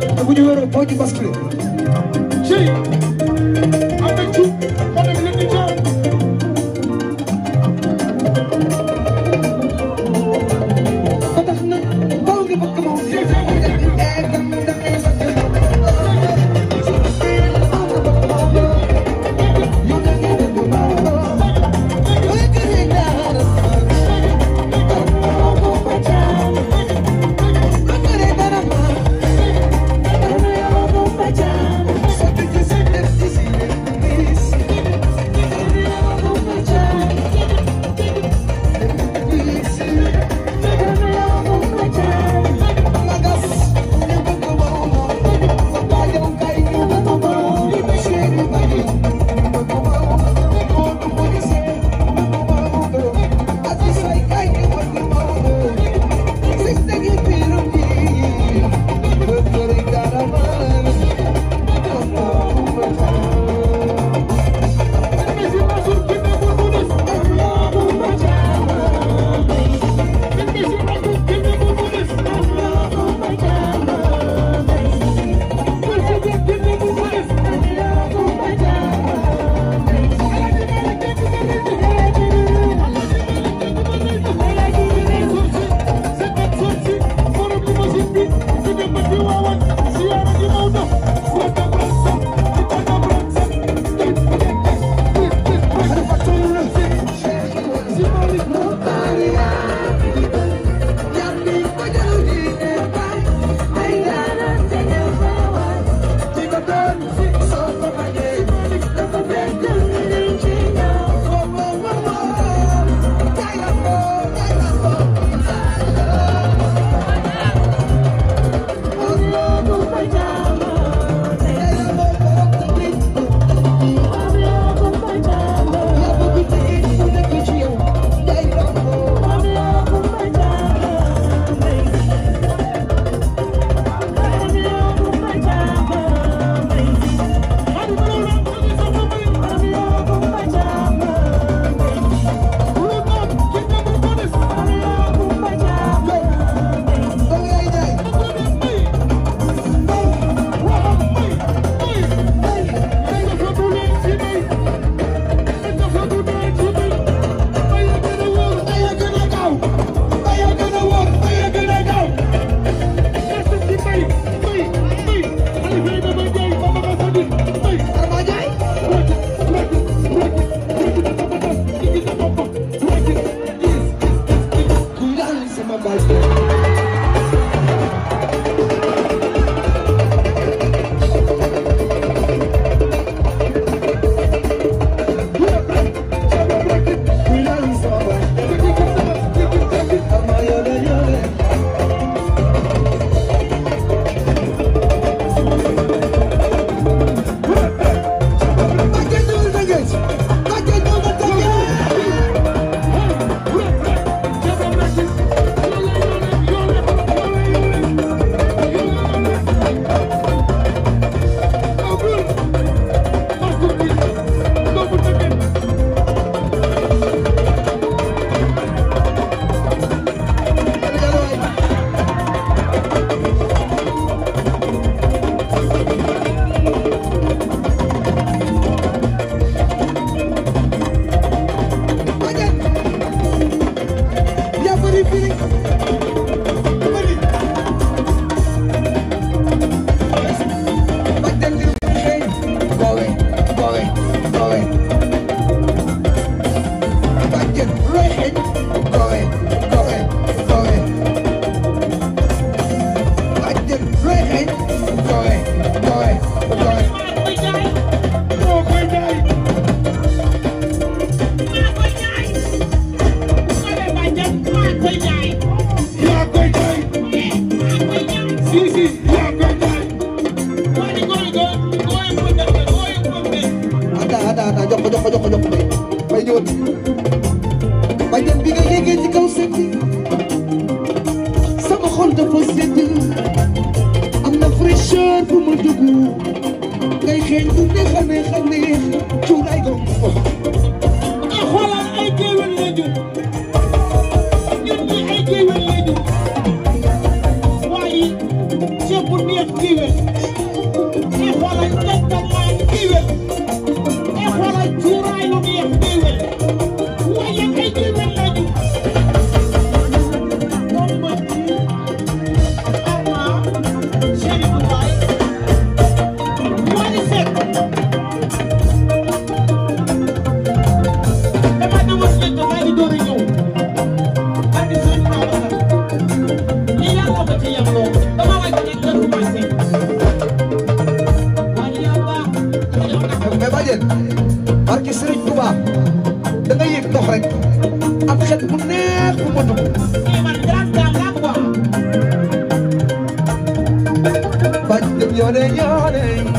te bu ñu wéeroo boo ci basculé. Bajan bi nga yeggee ci kaw sedd sama xol dafa sedd cër bu ma dugg ngay xeeñ bu neex a neex a neex cuuraay ko xoolal ay géwél la neex bu ma dugg. mais man grande dame la quoi. bañ dem yoone yoone.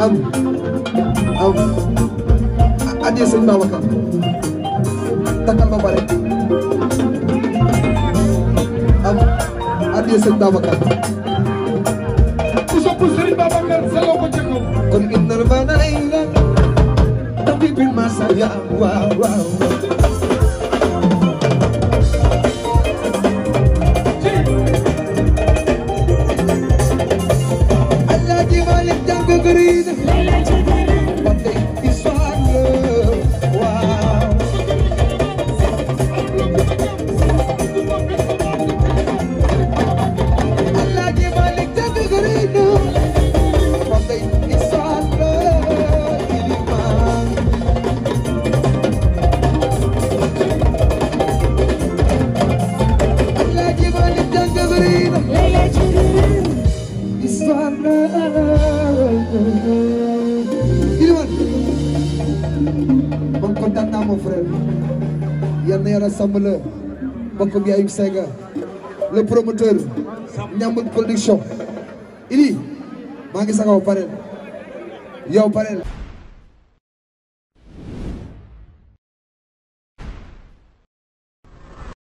am am addiya sëñ Babacar takkal ba pare am addiya sëñ Babacar ku sopp sëriñ Babacar saloo ko jëkko kon inna rabana ila tabi bin masaya waaw waaw querida. Penda Samb la bi Ayib Sega le promoteur Ndiambour production Ili maa ngi sakaw parel yow parel